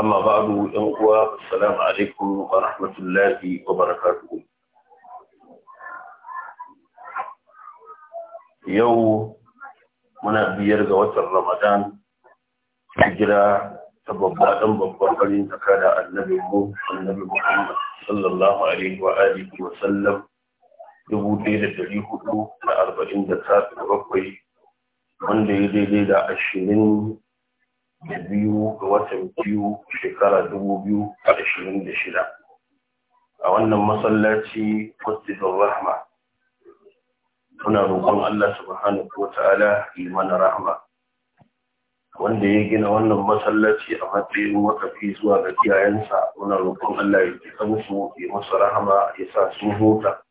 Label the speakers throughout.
Speaker 1: أما بعد إخوة السلام عليكم ورحمة الله وبركاته يو منا بيرغ وتر رمضان هجرة تبقى أم بقرين تكاد النبي النبي محمد صلى الله عليه وآله وسلم يبو ديرة تليهو أربعين دكات ربي من ديرة عشرين da biyu ga watan biyu shekara dubu biyu a ashirin da shida a wannan masallaci kwastifin rahma muna roƙon Allah subhanahu wa ta'ala mana rahma wanda ya gina wannan masallaci a matsayin wakafi zuwa ga kiyayensa muna roƙon Allah ya kisa musu ya masa rahama ya sa sun huta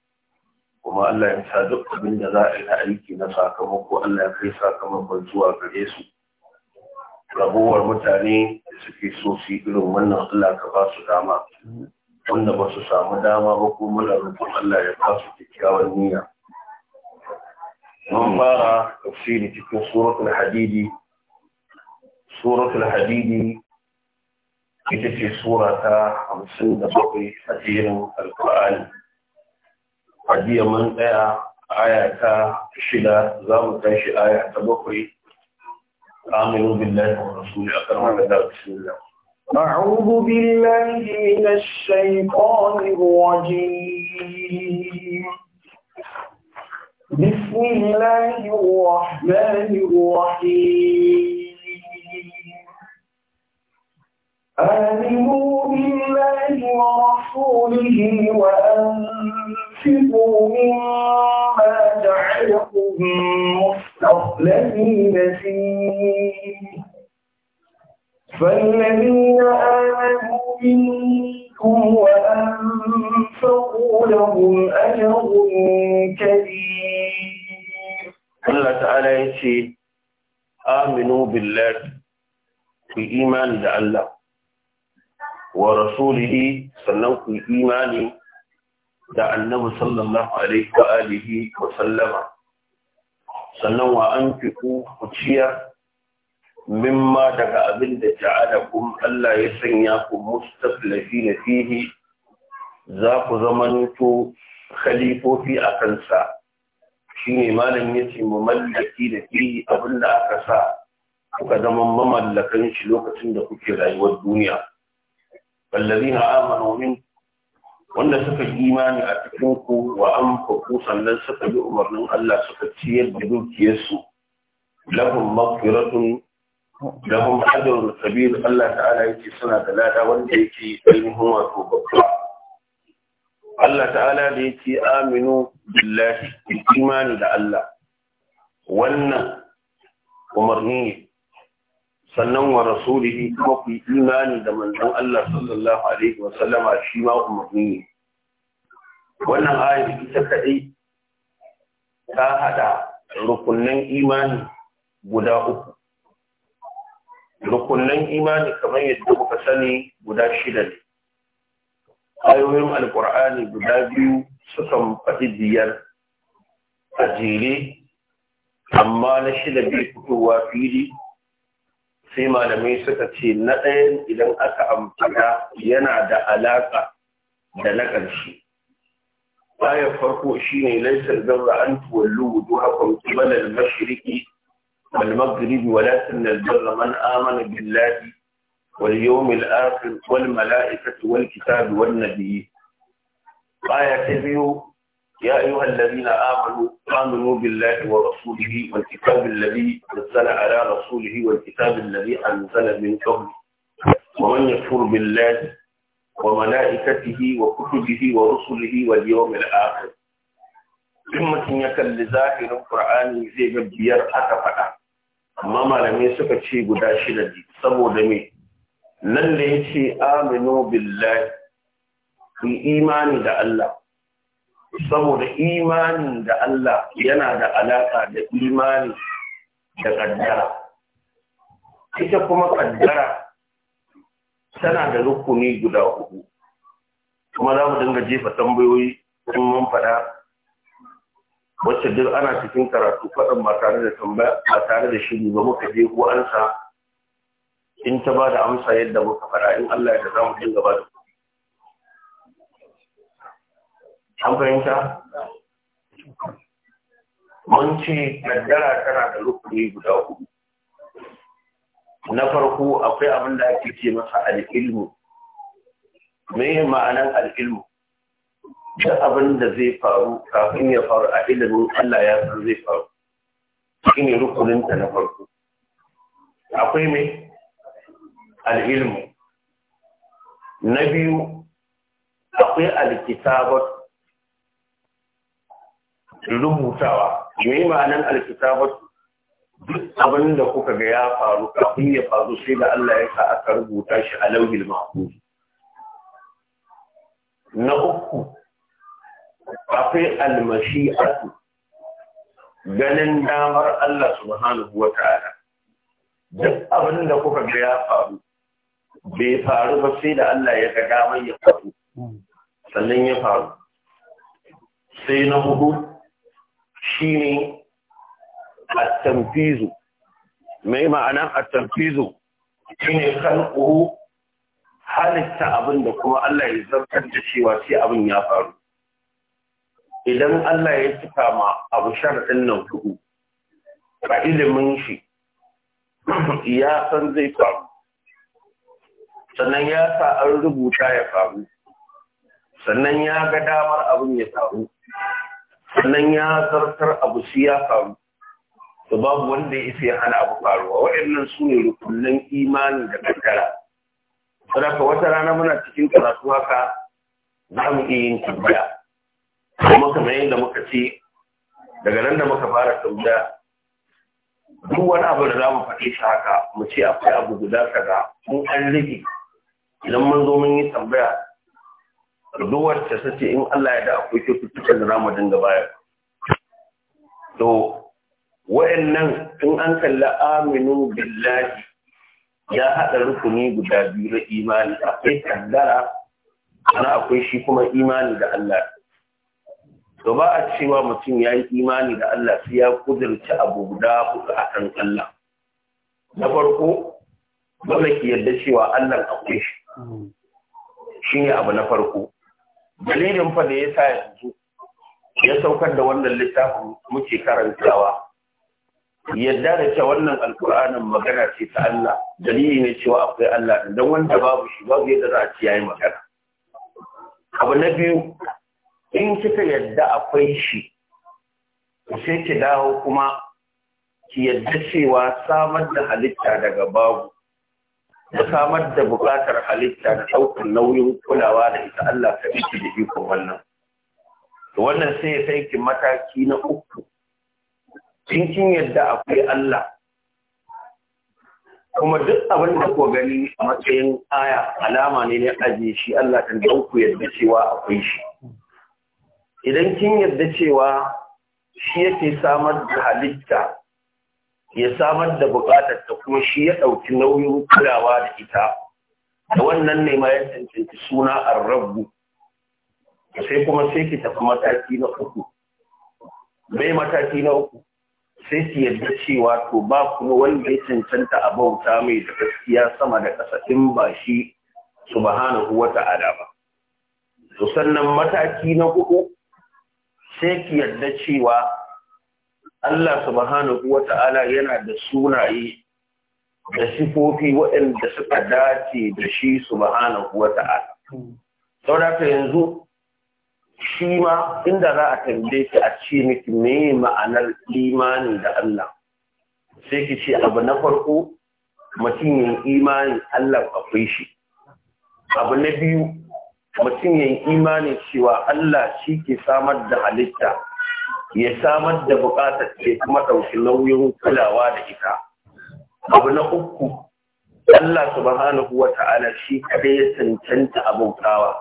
Speaker 1: kuma Allah ya sa duk abin da za a yi aiki na sakamako Allah ya kai sakamakon zuwa gare su rabuwar mutane da suke so su yi irin wannan Allah ka ba su dama wanda ba su samu dama ba ko muna roƙon Allah ya ba su kyakkyawan niyya mun fara tafsiri cikin suratul hadidi suratul hadidi ita ce sura ta hamsin da bakwai a jerin alkur'ani a jiya mun tsaya aya ta shida za mu tashi aya ta bakwai آمنوا بالله ورسوله أكرم الله بسم الله
Speaker 2: أعوذ بالله من الشيطان الرجيم بسم الله الرحمن الرحيم آمنوا بالله ورسوله وأنفقوا مما جعلكم مسلمين مخلدين فيه فالذين آمنوا منكم وأنفقوا لهم أجر كبير
Speaker 1: الله تعالى يتي آمنوا بالله في إيمان الله ورسوله سنوك إيماني da annabi sallallahu alaihi wa alihi wa sallama sannan wa an fi ku ciyar mimma daga abin da ja'alakum Allah ya sanya ku mustaflafi na fihi za ku zamanto khalifofi a kansa shi ne malam ya ce mamallaki da fihi abin da aka sa kuka zama mamallakan shi lokacin da kuke rayuwar duniya والذين آمنوا منكم wanda suka yi imani a cikin ku wa an faku sannan suka bi umarnin Allah suka ciyar da dukiyarsu lahum maghfiratun
Speaker 2: lahum ajrun
Speaker 1: kabir Allah ta'ala yake suna da lada wanda yake ainihin wato babba Allah ta'ala da yake aminu billahi imani da Allah wannan umarni ne. sannan wa rasulihi kuma ku yi imani da manzon Allah sallallahu alaihi wa sallama shi ma umarni ne wannan ayar ita kadai ta hada rukunnan imani guda uku rukunnan imani kamar yadda muka sani guda shida ne ayoyin Alƙur'ani guda biyu sukan faɗi biyar a jere amma na shida bai fitowa fili sai malamai suka ce na ɗayan idan aka amfana yana da alaƙa da na ƙarshe bayan farko shine laysal zarra an tuwallu wujuhakum qibala al-mashriqi wal maghribi da zarra man amana billahi wal yawmil akhir wal mala'ikati wal kitabi wan nabiyyi aya ta biyu يا أيها الذين آمنوا آمنوا بالله ورسوله والكتاب الذي أنزل على رسوله والكتاب الذي أنزل من قبل ومن يكفر بالله وملائكته وكتبه ورسله واليوم الآخر in ya kalli zahirin Qur'ani zai ga biyar aka faɗa amma malamai suka ce guda shida ne saboda me nan da yace aminu billahi ku imani da Allah saboda imanin da Allah yana da alaka da imani da kaddara ita kuma kaddara tana da rukuni guda uku kuma za mu dinga jefa tambayoyi in mun faɗa wacce duk ana cikin karatu faɗin ba tare da tambaya ba tare da shiri ba muka je ko ansa in ta ba da amsa yadda muka faɗa in Allah ya ta za mu dinga ba da an fahimta mun ce daddara tana da rukuni guda hudu na farko akwai abin da ake ce masa al'ilmu me ma'anan al'ilmu duk abin da zai faru kafin ya faru a ilimin Allah ya san zai faru shi ne rukuninta na farko akwai mai al'ilmu na biyu akwai alkitabar rubutawa yayi ma'anan alkitabatu duk abin da kuka ga ya faru kafin ya faru sai da Allah ya sa aka rubuta shi a lauhil mahfuz na uku akwai almashi'atu ganin damar Allah subhanahu wa ta'ala duk abin da kuka ga ya faru bai faru ba sai da Allah ya ga damar ya faru sannan ya faru sai na hudu shine at-tanfizu mai ma'ana at-tanfizu shine khalquhu halitta abin da kuma Allah ya zartar da cewa sai abin ya faru idan Allah ya cika ma abu sharadin nan hudu ba ilimin shi ya san zai faru sannan ya sa an rubuta ya faru sannan ya ga damar abin ya faru sannan ya zartar abu shi ya faru to babu wanda ya isa ya hana abu faruwa waɗannan su ne rukunin imani da kaddara saboda wata rana muna cikin karatu haka za mu iya yin tambaya kuma kamar yadda muka ce daga nan da muka fara tambaya duk wani abu da za mu faɗi shi haka mu ce akwai abu guda kaza mun an rage idan mun zo mun yi tambaya duwar ta sace in Allah ya da akwai kyaututtukan da zamu dinga baya to wayannan in an kalla aminu billahi ya haɗa rukuni guda biyu na imani akwai kaddara ana akwai shi kuma imani da Allah to ba a cewa mutum ya yi imani da Allah sai ya kudurci abu guda huɗu a kan Allah na farko dole ki yarda cewa Allah akwai shi hmm. shi ne abu na farko dalilin fa da ya sa yanzu ya saukar da wannan littafin muke karantawa yadda da cewa wannan alkur'anin magana ce ta Allah dalili ne cewa akwai Allah dan wanda babu shi babu yadda za a ci yayi magana abu na biyu in kika yadda akwai shi sai ki dawo kuma ki yadda cewa samar da halitta daga babu da samar da buƙatar halitta da ɗaukar nauyin kulawa da ita Allah ka ɗauki da ikon wannan. To wannan sai ya sai mataki na uku. Kin kin yadda akwai Allah. Kuma duk abin da ku gani a matsayin aya alama ne na ajiye shi Allah kan ɗauku yadda cewa akwai shi. Idan kin yadda cewa shi yake samar da halitta ya samar da buƙatar ta kuma shi ya ɗauki nauyin kulawa da ita da wannan ne ma ya cancanci suna arrabu sai kuma sai ki tafi mataki na uku mai mataki na uku sai ki yadda cewa to ba kuma wanda ya cancanta a bauta mai da gaskiya sama da ƙasa in ba shi subhanahu wa ta'ala ba to sannan mataki na uku sai ki yadda cewa Allah subhanahu wa ta'ala yana da sunaye da sifofi waɗanda suka dace da shi subhanahu wa ta'ala. Saurata yanzu shi ma inda za a tambaye ki a ce miki me ma'anar imani da Allah. Sai ki ce abu na farko mutum yin imani Allah akwai shi. Abu na biyu mutum yin imani cewa Allah shi ke samar da halitta ya samar da buƙatar ce kuma ɗauki nauyin kulawa da ita abu na uku Allah subhanahu wa ta'ala shi kadai ya cancanta abokawa.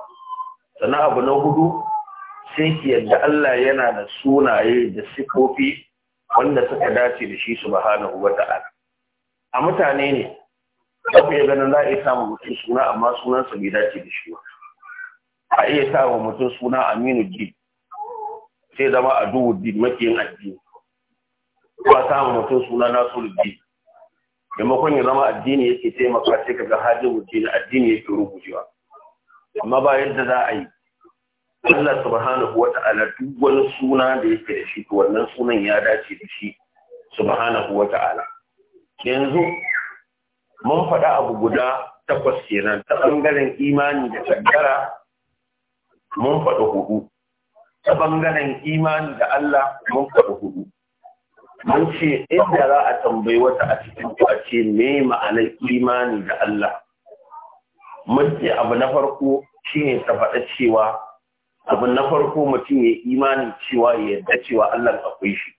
Speaker 1: sannan abu na hudu sai ki yadda Allah yana da sunaye da sifofi wanda suka dace da shi subhanahu wa ta'ala a mutane ne ku ya ganin za a iya samun mutum suna amma sunansa bai dace da shi ba a iya samun mutum suna aminu ji sai zama a duhu din makiyin addini ba mutum suna nasuluddin maimakon ya zama addini yake taimaka sai kaga hajjin wuce addini yake rubuciwa amma ba yadda za a yi Allah subhanahu wata'ala duk wani suna da yake da shi wannan sunan ya dace da shi subhanahu wata'ala yanzu mun faɗa abu guda takwas kenan ta ɓangaren imani da kaddara mun faɗi hudu ta bangaren imani da Allah mun faɗi hudu mun ce inda za a tambayi wata a cikin ku a ce me ma'anar imani da Allah mun ce abu na farko shi ne ta faɗa cewa abu na farko mutum ya imani cewa ya yarda cewa Allah akwai shi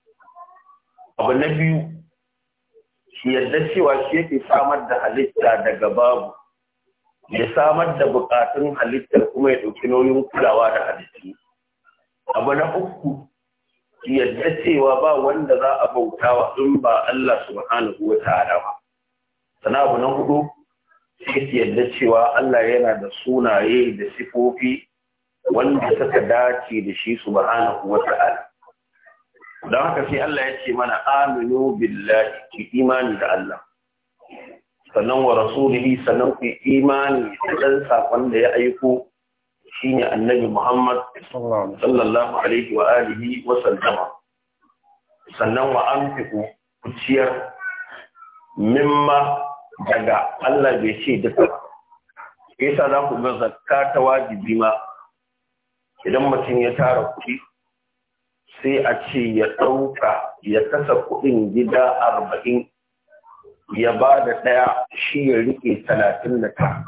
Speaker 1: abu na biyu shi yarda cewa shi yake samar da halitta daga babu ya samar da bukatun halittar kuma ya ɗauki nauyin kulawa da halittu abu na uku yadda cewa ba wanda za a bautawa in ba Allah subhanahu wa ta'ala ba sana abu na hudu shi yadda cewa Allah yana da sunaye da sifofi wanda suka dace da shi subhanahu wa ta'ala don haka sai Allah ya ce mana aminu billahi ki imani da Allah sannan wa rasulihi sannan ku imani da dan sakon da ya aiko shine annabi Muhammad sallallahu alaihi wa alihi wa sallama sannan wa anfiqu kuciyar mimma daga Allah bai ce duka ba yasa za ku ga zakka ta wajibi ma idan mutum ya tara kuɗi sai a ce ya ɗauka ya kasa kuɗin gida arba'in ya ba da ɗaya shi ya riƙe talatin da tara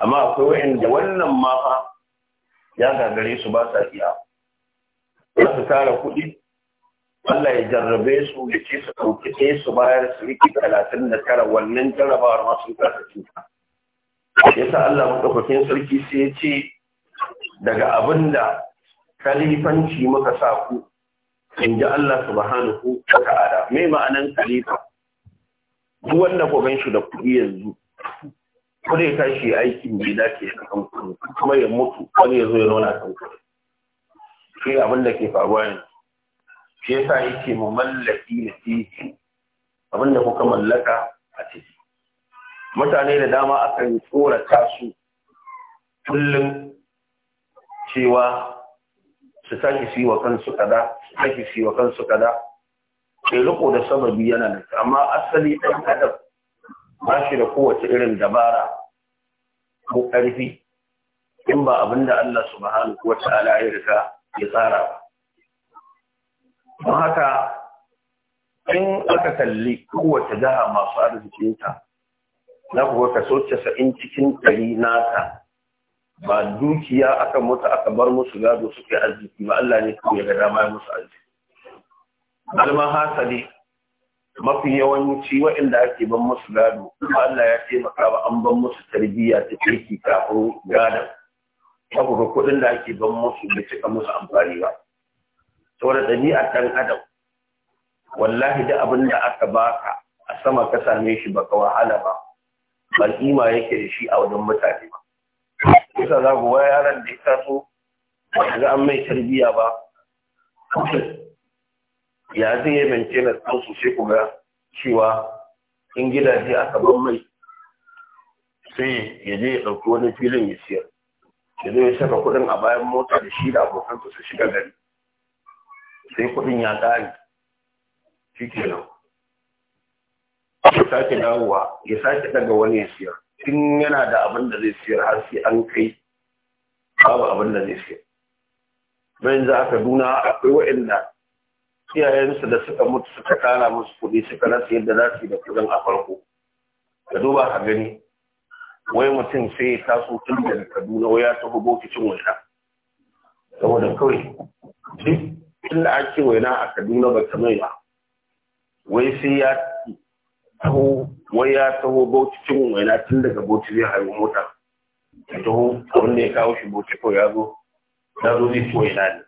Speaker 1: amma akwai wa'anda wannan ma fa ya gagare su ba sa iya za su tara kuɗi Allah ya jarrabe su ya ce su ɗauki ɗaya su bayar su riki talatin da tara wannan jarrabawar ma sun kasa cuta ya sa Allah maɗaukakin sarki sai ya ce daga abin da kalifanci muka sa ku in ji Allah subhanahu wa ta'ala me ma'anan kalifa duk wanda ku gan shi da kuɗi yanzu kada ya tashi aikin da ya dace a kan kuɗi kuma ya mutu wani ya zo ya nuna kan shi abin da ke faruwa ne shi yasa yake mu mallaki na titi abin da kuka mallaka a ciki mutane da dama akan tsorata su kullum cewa su tashi su yi wa kansu kada su tashi su wa kansu kada ke riko da sababi yana da amma asali ɗan adam ba shi da kowace irin dabara ko ƙarfi in ba abin da Allah subhanahu wa ta'ala ya riga ya tsara ba. Don haka in aka kalli kowace jiha masu arzikinta na kuwa kaso casa'in cikin ɗari nata ba dukiya aka mutu aka bar musu gado suke arziki ba Allah ne kawai ya ga dama musu arziki. Alma hasali mafi yawanci wa'inda ake ban musu gado kuma Allah ya taimaka ba an ban musu tarbiyya ta kirki kafin gadon saboda kuɗin da ake ban musu bai cika musu amfani ba saboda ɗabi'ar ɗan adam wallahi da abin da aka baka a sama ka same shi baka wahala ba ba ima yake da shi a wajen mutane ba kusa za ku wa yaran da ya taso ba ga an mai tarbiyya ba ya zai yi na ɗansu sai ku ga cewa in gidaje aka ban mai sai ya je ya ɗauki wani filin ya siyar ya zai ya saka kuɗin a bayan mota da shi da abokan su su shiga gari sai kuɗin ya ƙare shi nan ya sake dawowa ya sake daga wani ya siyar tun yana da abin da zai siyar har sai an kai babu abin da zai siyar bayan za a kaduna akwai waɗanda iyayensu da suka mutu suka kara musu kuɗi suka rasa yadda za su yi da kuɗin a farko ka duba ka gani wai mutum sai ya taso tun daga kaduna wai ya taho bokicin waina saboda kawai duk da ake waina a kaduna ba ta mai ba wai sai ya taho wai ya taho bokicin waina tun daga bokici zai haihu mota ya taho abin da ya kawo shi bokici kawai ya zo ya zo zai ci waina ne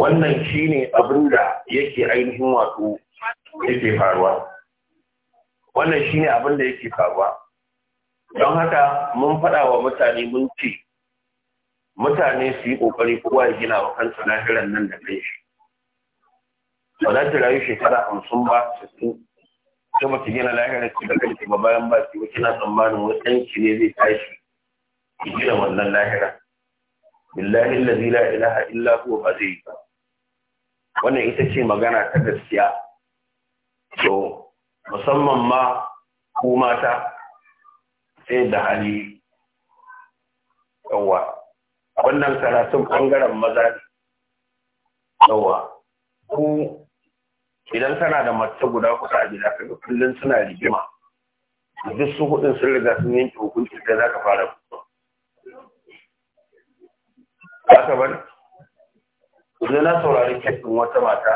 Speaker 1: wannan shine abin da yake ainihin wato yake faruwa wannan shine abin da yake faruwa don haka mun faɗa wa mutane mun ce mutane su yi ƙoƙari kowa ya gina wa kansa lahiran nan da kai shi ba za ta rayu shekara hamsin ba sittin ta mace gina lahirar ki da kanki ba bayan ba ki kina tsammanin wani ne zai tashi ki gina wannan lahirar billahi allazi la ilaha illa huwa ba zai ba wannan ita ce magana ta gaskiya to musamman ma ku mata sai da hali yawa wannan karatun bangaren maza ne yawa ku idan kana da mace guda kusa a gida kaga kullum suna rigima duk su hudun sun riga sun yanke hukunci da za ka fara haka bane idan na saurari kesin wata mata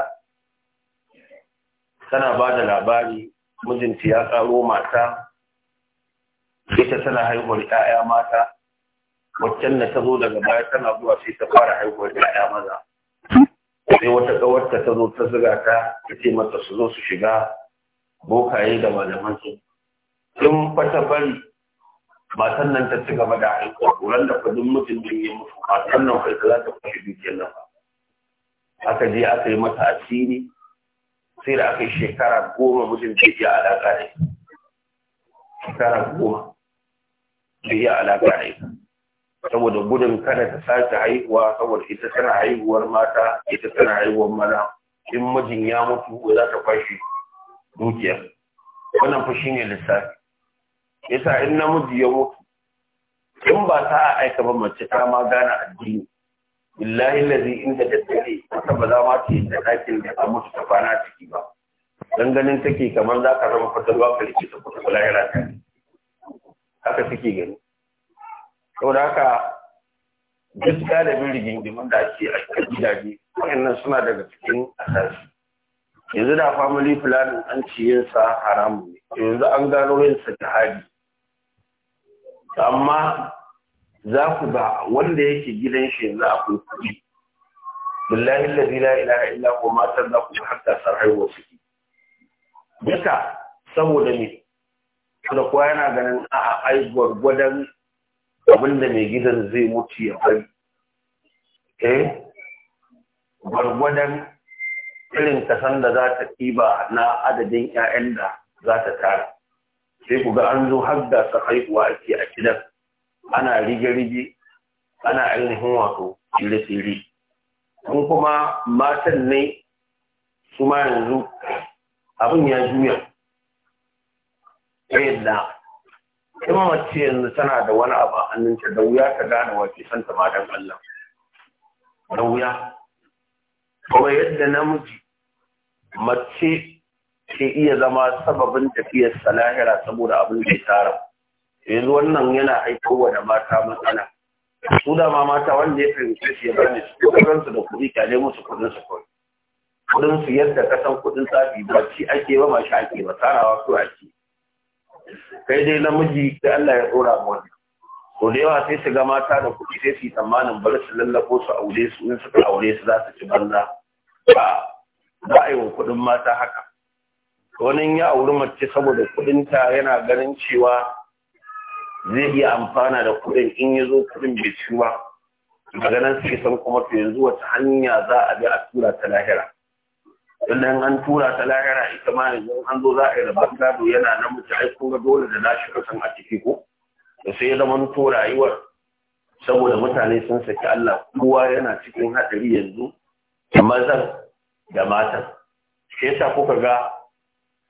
Speaker 1: tana ba da labari mijinta ya karo mata ita tana haihuwar 'ya'ya mata waccan da ta zo daga baya tana zuwa sai ta fara haihuwar 'ya'ya maza sai wata ƙawarta ta zo ta ziga ta ta ce mata su zo su shiga bokaye da malamansu in fata bari matan nan ta ci gaba da haihuwa kuran da kudin mutum da yi mutu matan nan kai za ta kwashe dukiyar nan ba aka je aka yi mata asiri sai da aka yi shekara goma mutum ke iya alaƙa da shekara goma ke iya alaƙa da ita saboda gudun kada ta sake haihuwa saboda ita tana haihuwar mata ita tana haihuwar maza in mijin ya mutu za ta kwashe dukiyar wannan fa shine lissafi yasa in namiji ya mutu in ba ta a aika ba mace ta ma gane addini billahi lazi inda daddare wata ba za ma ta yi da ɗakin da ta mutu ta kwana ciki ba dan ganin take kamar za ka zama fatalwa ka rike ta kuta kula yana ta haka take gani saboda haka duk galibin rigingimin da ake a gidaje wayannan suna daga cikin asasi yanzu da family planning an ci yin sa haramu ne yanzu an gano yin sa jihadi amma za ku ba wanda yake gidan shi yanzu kuma kuɗi billahi la ilaha illa huwa matar da ku hatta sarhai su. duka saboda me kuma kuwa yana ganin a ai gwargwadon abinda mai gidan zai mutu ya bari eh gwargwadon irin kasan da za ta ɗiba na adadin 'ya'yan da za ta tara sai ku ga an zo har da sa haihuwa ake a gidan ana rige-rige ana ainihin wato tsire-tsire kun kuma matan ne su ma yanzu abin ya juya ta yadda kuma mace yanzu tana da wani abu a hannunta da wuya ta gane wace san ta matan Allah da wuya kuma yadda namiji mace ke iya zama sababin tafiyar lahira saboda abin da tara yanzu wannan yana aikowa da mata matsala su da ma mata wanda ya fahimci shi ya bani su su da kuɗi nemo musu kuɗin su kawai kuɗin su yadda kasan kuɗin tsafi ba ci ake ba ma shi ake ba tarawa ko ake kai dai namiji da Allah ya tsora ma wani to da yawa sai su ga mata da kuɗi sai su yi tsammanin bar su lallako su aure su in suka aure su za su ci banza ba ba a yi wa kuɗin mata haka wani ya auri mace saboda kudinta yana ganin cewa zai iya amfana da kudin in ya zo kudin bai ci ba daga nan sai san kuma to yanzu wata hanya za a bi a tura ta lahira idan an tura ta lahira ita ma yanzu an zo za a yi rabon gado yana na mutu ai kun ga dole da nashi kasan a ciki ko da sai ya zama to rayuwar saboda mutane sun saki Allah kowa yana cikin hadari yanzu mazan da matan sai yasa kuka ga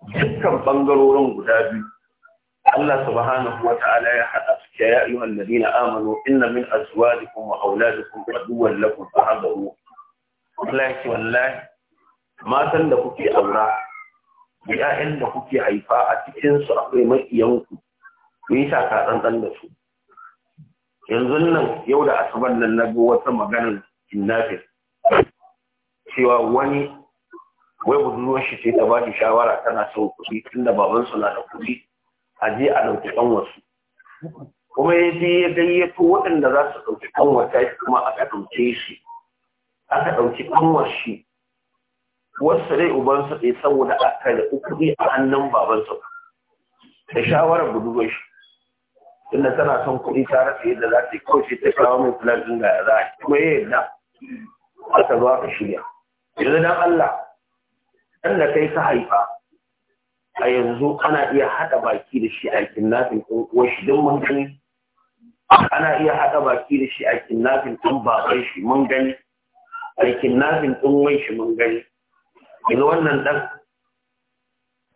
Speaker 1: dukkan bangarorin guda biyu Allah subhanahu wa ta'ala ya haɗa su ya Amadu, alladhina amano inna min azwajikum wa auladikum aduwwan lakum fa'budu Allah ya wallahi matan da kuke aura ya'yan da kuke haifa a cikinsu su akwai makiyanku ku yi ka tsantsan da su yanzu nan yau da asabar nan na wata maganar kinnafin cewa wani wai budurwar shi ce ta ba shi shawara tana so kuɗi tun da na da kuɗi a je a ɗauki ɗan wasu kuma ya je ya gayyato waɗanda za su ɗauki ɗan wata kuma aka ɗauke shi aka ɗauki ɗan shi wasu rai ubansa ɗaya saboda aka da kuɗi a hannun babansa da shawarar budurwar shi tunda tana son kuɗi ta rasa yadda za ta yi kawai sai ta kawo mai filan ɗin ga za a yi kuma ya yarda aka zo aka shirya yanzu dan Allah ɗan da kai ka haifa a yanzu ana iya haɗa baki da shi a kinnafin ɗin uwashi don mun gani ana iya haɗa baki da shi a kinnafin ɗin baban shi mun gani a kinnafin ɗin wai shi mun gani daga wannan ɗan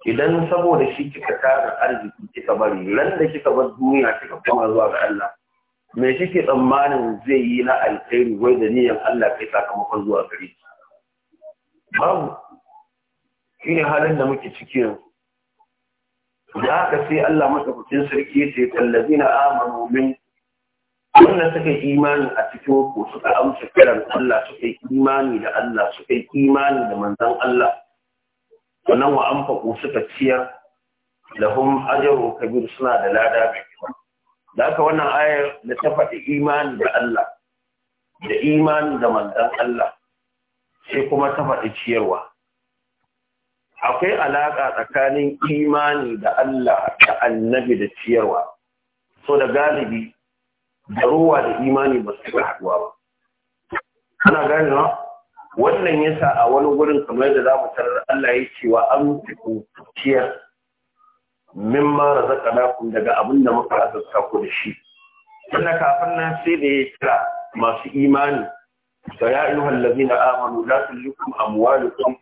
Speaker 1: idan saboda shi kika tara arziki kika bari ran da kika bar duniya kika koma zuwa ga Allah me kike tsammanin zai yi na alkhairi wai da niyyar Allah kai sakamakon zuwa gare ki babu shi ne halin da muke ciki yanzu da aka sai Allah madaukakin sarki ya ce tallazina amanu min wannan suka imani a cikin ku suka amsa kiran Allah suka yi imani da Allah suka yi imani da manzon Allah wannan wa amfa ko suka ciyar lahum ajru kabir suna da lada mai da haka wannan ayar da ta faɗi imani da Allah da imani da manzon Allah sai kuma ta faɗi ciyarwa akwai alaƙa tsakanin imani da Allah da annabi da ciyarwa so da galibi da ruwa da imani ba su ga haɗuwa ba ana gani ba wannan yasa a wani gurin kamar da za mu tarar Allah ya ce wa an ku ciyar mimma razaqnakum daga abin da muka azurta ku da shi Tunda kafin nan sai da ya kira masu imani da ya ayyuhal na amanu la tulkum amwalukum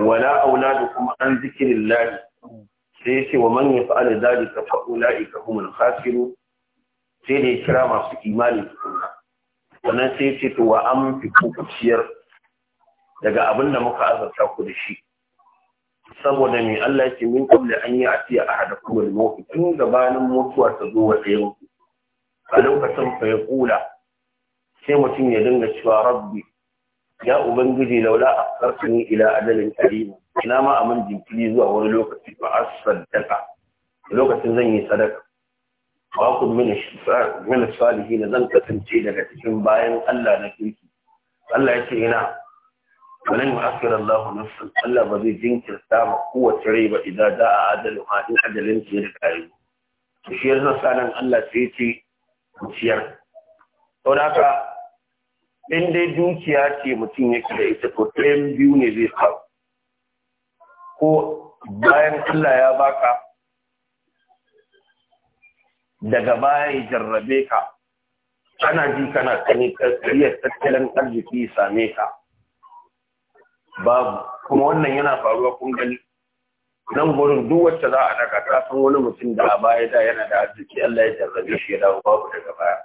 Speaker 1: wala auladukum an zikrillah sai yace wa man yaf'al dhalika fa ulaika humul khasirun sai ne kira masu imani tukunna sannan sai yace to an fi kuciyar daga abin da muka azata ku da shi saboda mai Allah yake min qabla an ya'ti ahadakum al-maut tun gabanin mutuwa ta zo wa ɗayan a lokacin fa ya kula sai mutum ya dinga cewa rabbi ya ubangiji laula akhartani ila adalin karim ina ma amin jinkiri zuwa wani lokaci fa asaddaka lokacin zan yi sadaka wa ku min salihin zan kasance daga cikin bayan Allah na kirki Allah ya ce ina ba zai الله نفسا ba بذي ba ba قوة a adalin ha in adalin da da kai shi yasa nan Allah sai ce ciyar saboda haka in dai dukiya ce mutum yake da ita to ɗayan biyu ne zai faru ko bayan Allah ya baka daga baya ya jarrabe ka ana ji kana kani kariyar tattalin arziki same ka babu kuma wannan yana faruwa kun gani nan gurin duk wacce za a daga ta san wani mutum da a baya da yana da arziki Allah ya jarrabe shi ya dawo babu daga baya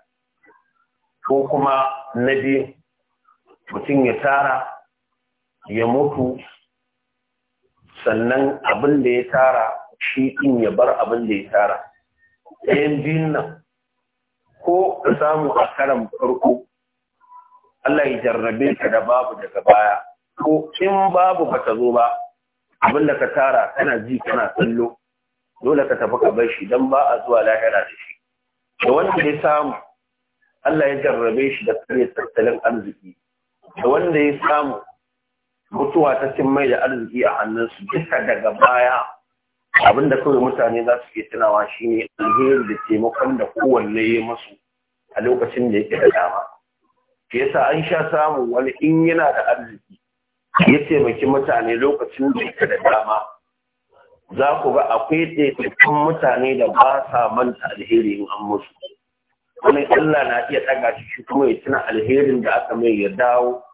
Speaker 1: ko kuma na biyu mutum ya tara ya mutu sannan abin da ya tara shi in ya bar abin da ya tara ɗayan biyun nan ko ka samu a karan farko Allah ya jarrabe ka da babu daga baya ko in babu ba ta zo ba abin da ka tara kana ji kana tsallo dole ka tafi ka bar shi don ba a zuwa lahira da shi da wanda ya samu Allah ya jarrabe shi da kare tattalin arziki da wanda ya samu mutuwa ta cin mai da arziki a hannunsu duka daga baya abin da kawai mutane za su iya tunawa shi ne alheri da taimakon da kowanne ya masu a lokacin da yake da dama Ke yasa an sha samun wani in yana da arziki ya taimaki mutane lokacin da yake da dama za ku ga akwai ɗaiɗaikun mutane da ba sa manta alheri in an musu wani Allah na iya ɗaga shi kuma ya tuna alherin da aka mai ya dawo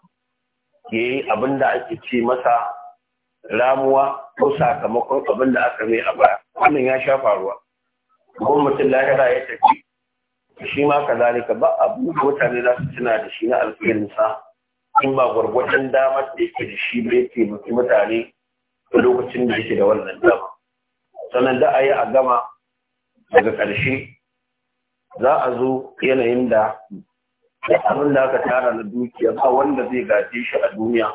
Speaker 1: ya yi abin da ake ce masa ramuwa ko sakamakon abin da aka mai a baya wannan ya sha faruwa ko mutum lahira ya tafi shi ma ka zalika ba abu mutane za su tuna da shi na alfiyarinsa in ba gwargwadon damar da yake da shi bai taimaki mutane a lokacin da yake da wannan dama sannan da a yi a gama daga ƙarshe za a zo yanayin da da abin da aka tara na dukiya ba wanda zai gaje shi a duniya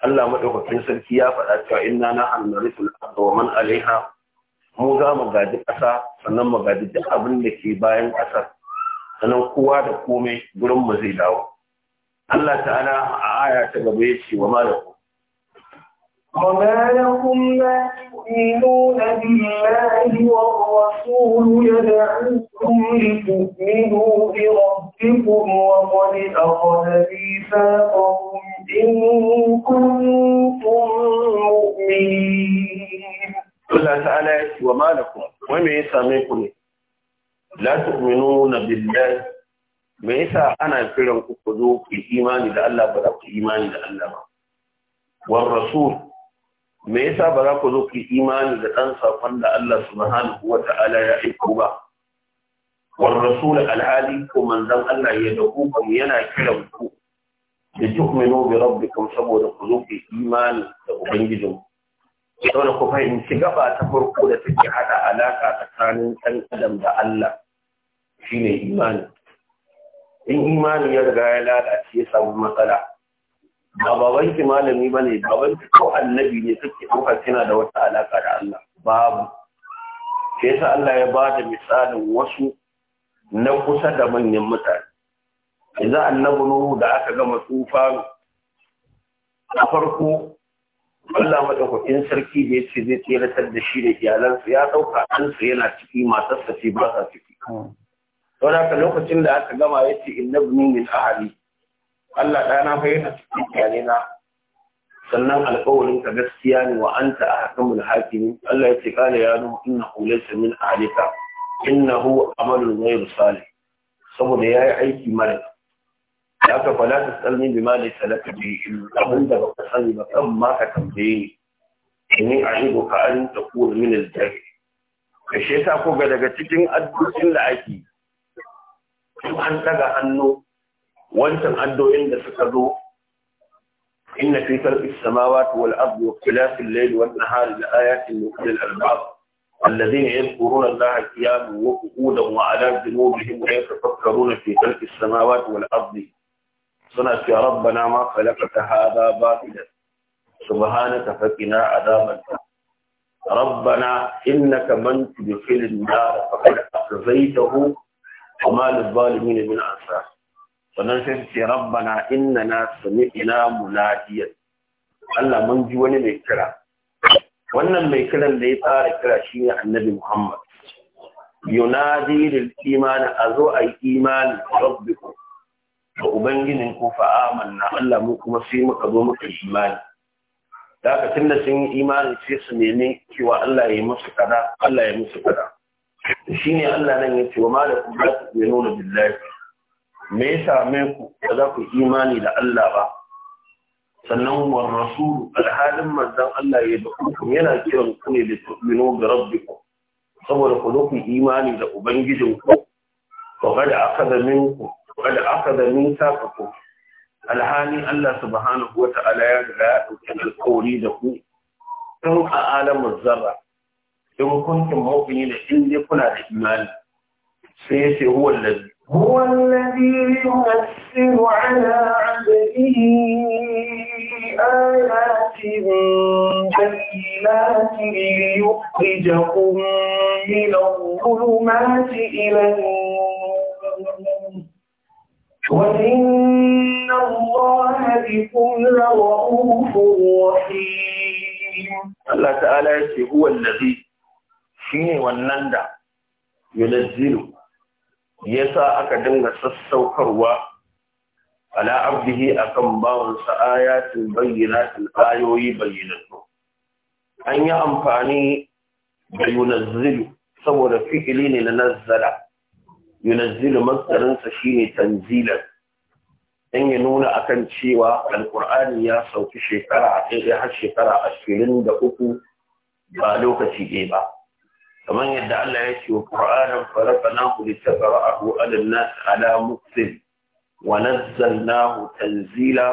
Speaker 1: Allah madaukakin sarki ya faɗa cewa inna na annarisul arda wa man alaiha mu za mu gaji ƙasa sannan mu gaji duk abin da ke bayan ƙasar sannan kowa da komai gurin mu zai dawo Allah ta'ala a aya ta gaba ya ce wa malakum
Speaker 2: وما لكم لا تؤمنون بالله والرسول يدعوكم لتؤمنوا بربكم وقد أخذ ميثاقكم إن كنتم مؤمنين.
Speaker 1: الله تعالى وما لكم وما يسميكم لا تؤمنون بالله ميسا أنا يفرنكم كذوك إيماني لألا في إيماني لألا والرسول me yasa ba za ku zo ku imani da ɗan safan da Allah subhanahu wa ta'ala ya aiko ba wal rasul alhali ko manzon Allah ya da ku yana kiran ku da tu'minu bi rabbikum saboda ku zo ku imani da ubangijin ku saboda ku fahimci gaba ta farko da take hada alaka tsakanin ɗan adam da Allah shine imani in imani ya riga ya lalace ya samu matsala ba babanki malami ba ne babanki ko annabi ne kake ɗauka na da wata alaka da Allah babu sai sa Allah ya ba da misalin wasu na kusa da manyan mutane idan annabi nuhu da aka gama tsufa a farko Allah madaukakin sarki da yace zai tseratar da shi da iyalansa ya ɗauka ɗansa yana ciki matarsa ce ba sa ciki. Hmm. Saboda haka lokacin da aka gama yace innabni min ahli Allah ɗana fa yana cikin kyale na sannan alƙawarin ka gaskiya ne wa anta haƙi ne? Allah ya ce kana ya nuhu innahu laysa min ahlika innahu amalun ghayru salih saboda yayi aiki mara Ya haka fala tasalni bima laysa laka bihi ilm abin da ka sani ba kan ma ka tambaye ni a ka an takuna min al-jahil kashe ta ko daga cikin addu'in da ake in an daga hannu وانتم addu'o'in ان تفكروا ان في خلق السماوات والارض واختلاف الليل والنهار لايات لاولي الالباب الذين يذكرون الله قياما وقعودا وعلى جنوبهم ويتفكرون في خلق السماوات والارض صنعت يا ربنا ما خلقت هذا باطلا سبحانك فقنا عذاب ربنا انك من تدخل النار فقد اخزيته وما للظالمين من انصار sannan sai su ce rabbana innana sami'na munadiyan Allah mun ji wani mai kira wannan mai kiran da ya tsara kira shine annabi Muhammad yunadi lil imani azo ay imani rabbikum da ubangijin ku fa amanna Allah mu kuma sai muka zo muka imani da haka tunda sun yi imani sai su nemi cewa Allah ya yi musu kaza Allah ya yi musu kaza shine Allah nan ya ce, wa malakum la tu'minuna billahi me ya same ku ba za ku imani da Allah ba sannan wa rasul alhalin manzon Allah ya da ku yana kiran ku ne da tu'minu bi rabbikum saboda ku zo ku imani da ubangijin ku to kada akada minku kada akada min ku alhali Allah subhanahu wa ta'ala ya da ya dauki alƙawari da ku tun a alamin zarra in kuntum mu'minin da in dai kuna da imani sai sai ce huwa allazi
Speaker 2: هو الذي يؤثر على عبده آيات بينات ليخرجكم من الظلمات إلى وإن الله بكم لرؤوف رحيم
Speaker 1: الله تعالى هو الذي في ونندا ينزل yasa aka dinga sassaukarwa ala abdihi akan bawansa ayatin bayyinatin ayoyi bayyinatu an yi amfani da yunazzilu saboda fi'ili ne na nazzala yunazzilu masdarinsa shine tanzilan dan ya nuna akan cewa alqur'ani ya sauki shekara a har shekara ashirin da uku ba lokaci ɗaya ba kamar yadda Allah ya ce wa Qur'anan farafanahu litabra'ahu a an-nas 'ala muqtin wa nazzalnahu tanzila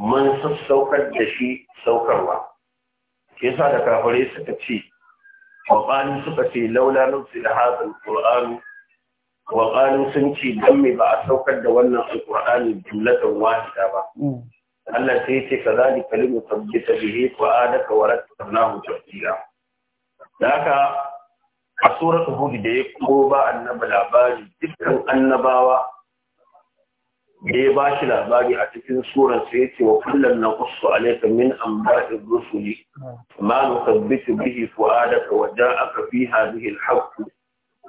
Speaker 1: mun sassaukar da shi saukarwa ke sa da kafare suka ce wa suka ce laula nuzil hadha al wa qalu sun ce dan me ba a saukar da wannan al-qur'ani jumlatan wahida ba mm. Allah sai ya ce kazalika limu tabbita bihi qa'adaka wa rattabnahu tartila da haka a surat hud da ya kuma ba annaba labari dukkan annabawa da ya ba shi labari a cikin suransa sai ce wa kullum na kusu alaika min amba'i rusuli ma nukabbitu bihi fu'adaka wajen aka fi hadhihi al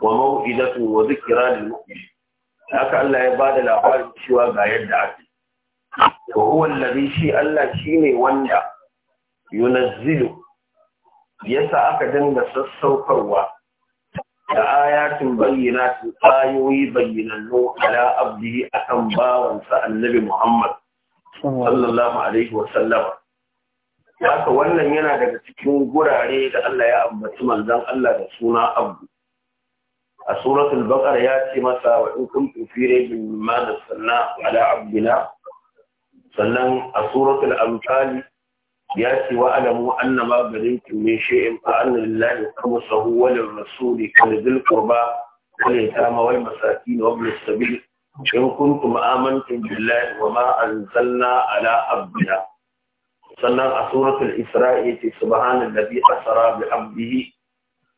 Speaker 1: wa maw'idatu wa dhikra lil mu'min haka Allah ya ba da labarin cewa ga yadda ake wa huwa alladhi shi Allah shine wanda yunazzilu yasa aka dinga sassaukarwa da ayatun bayyanatu ayoyi bayyanannu ala abdihi akan bawansa annabi Muhammad
Speaker 2: sallallahu
Speaker 1: alaihi wa sallama haka wannan yana daga cikin gurare da Allah ya ambaci manzon Allah da suna abu a suratul baqara ya ce masa wa in kuntum fi raybin mimma nazzalna ala abdina sannan a suratul anfal ya ce wa alamu anna ma garinkum min shay'in fa anna lillahi khumsahu wa lirrasuli wa lidhil qurba wal yatama wal masakin wa ibn as-sabil in kuntum amantum billahi wa ma ala abdina sannan a suratul isra'i ce subhanallazi asra bi abdihi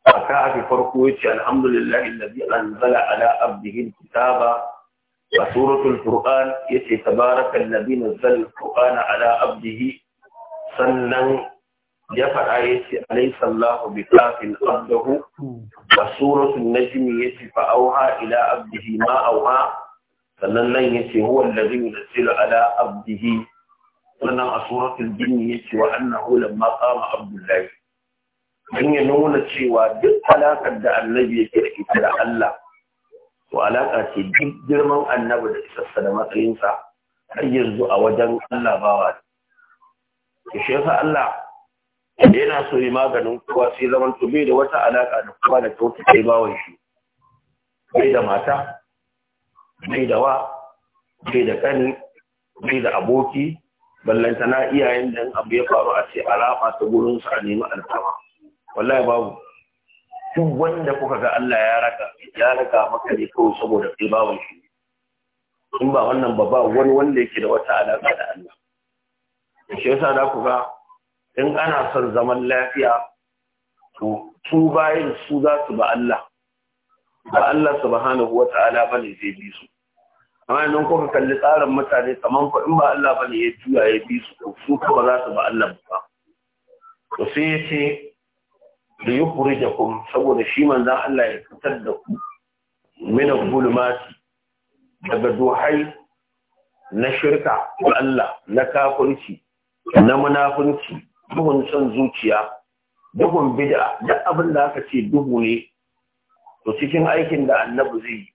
Speaker 1: aka aka farko yace alhamdulillahi allazi anzala ala a suratul furqan yace tabarakallazi nazzala alqur'ana ala abdihi sannan ya faɗa ya ce alaisa Allahu bi kafin abdahu a suratul najmi ya ce fa auha ila abdihi ma auha sannan nan ya ce huwa allazi yunzilu ala abdihi sannan a suratul jinni ya ce wa annahu lamma qama abdullahi dan ya nuna cewa duk alakar da annabi yake da ita da Allah to alaka ce duk girman annabi da isassa da matsayinsa har yanzu a wajen Allah bawa shi yasa Allah yana so yi maganin kowa sai zaman to bai da wata alaka da kowa da ta kai bawan shi bai da mata bai da wa bai da kani bai da aboki ballanta na iyayen da abu ya faru a ce alaka ta gurin sa a nemi alfama wallahi babu duk wanda kuka ga Allah ya raka ya raka maka ne kawai saboda kai bawan shi in ba wannan ba ba wani wanda yake da wata alaka da Allah shi yasa da ku ga in ana son zaman lafiya to su bayan su za su ba Allah ba Allah subhanahu wa ta'ala bane zai bi su amma idan kuka kalli tsarin mutane kaman ko in ba Allah bane ya juya ya bi su su kuma za su ba Allah ba to sai ya ce da yukhrijakum saboda shi manzan Allah ya fitar da ku min gulmati daga duhai na shirka wa Allah na kafirci na munafunci duhun son zuciya duhun bid'a duk abin da aka ce duhu ne to cikin aikin da annabi zai yi